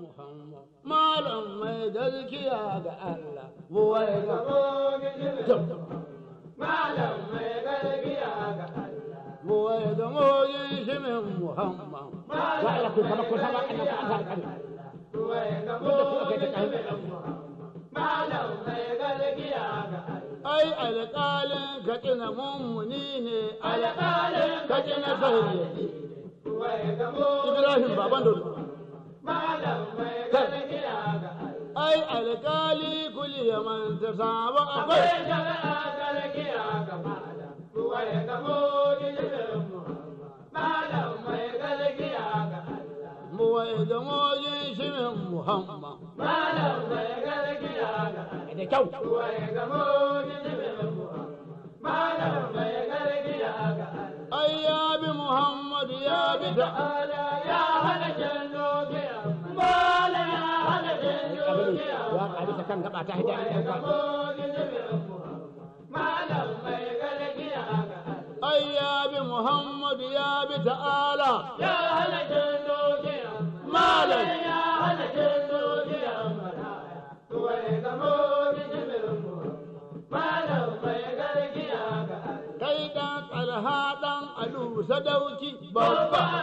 Muhammad malam mai gaskiya ga Allah buwai ga malam mai gaskiya ga Allah ga Muhammad ku ku ga malam mai ga ai alƙalin ka kina mummuni ne alƙalin ka kina sahihi Ibrahim baban ai alkali kuli ya manta sabo akwai shari'a sarki a gaba da kuwa ya gabo gijirin malam mai galgi a ga Allah mu wai da mojin shirin Muhammad malam mai galgi a ga Allah da kyau mu wai da mojin shirin malam mai galgi a ga Allah ai ya bi Muhammad ya bi da Allah ya halakin lokaci waka bisa kan gaba ta hita Ai ya bi Muhammadu ya bi ta'ala. Ya hana malam. Ya Tuwa ga Kai ɗan alha alu sadauki babba.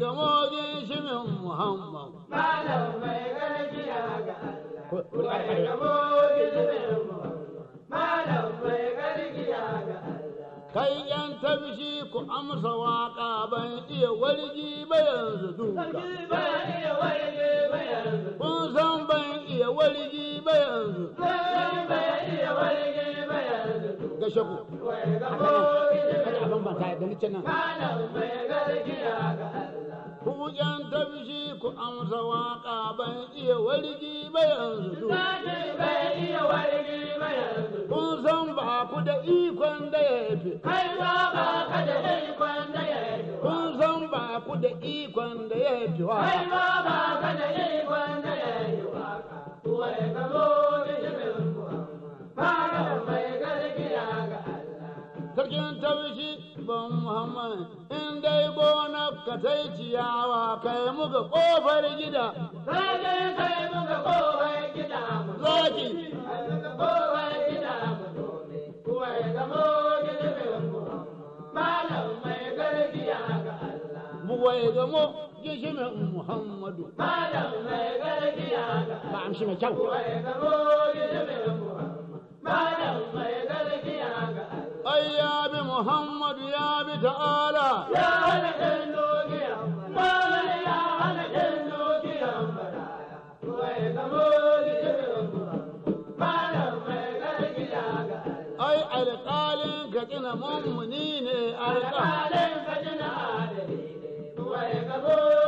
da mojin shimin Muhammad. Malam mai garkiya ga Allah, wai da mojin shimin Muhammad. Malam mai garkiya ga Allah. Kai yan tabshi ku amsa waƙa ban iya wargi ba yanzu duka. ban iya wargi ba yanzu. Kun san ban iya wargi ba yanzu. ban iya wargi ba yanzu. Gashe ku. Wai a mojin shimin Muhammad. Malam mai garkiya ga Allah. bujan tabshi ku amsa waka ban iya wargi ba yanzu. bai iya wargi ba yanzu. Kun san ba ku da ikon da ya fi. Kai ba ba ka da ikon da ya fi. Kun san ba ku da ikon da ya fi wa. Kai ba ba ka da ikon da ya fi wa. Kuwai ka zo da jibin ku amma. Fara mai gargiya ga Allah. Sarkin tabshi ban Muhammad in dai ka tai ciyawa kai muga kofar gida. Kaje kai muga kofar gida mu zoki. Kai muga kofar gida mu dole. Kuwa ya zamo gidirin mu. Malam mai gargiya ga Allah. Mu wai zamo gishimin Muhammadu. Malam mai gargiya ga Allah. Ba amshi mai kyau. Kuwa zamo gishimin Muhammadu. Malam mai gargiya ga Allah. Ai ya bi Muhammadu ya bi ta'ala. Ya hana alƙalin katsina mummuni ne alƙalin katsina adali ne ruwa ya gabo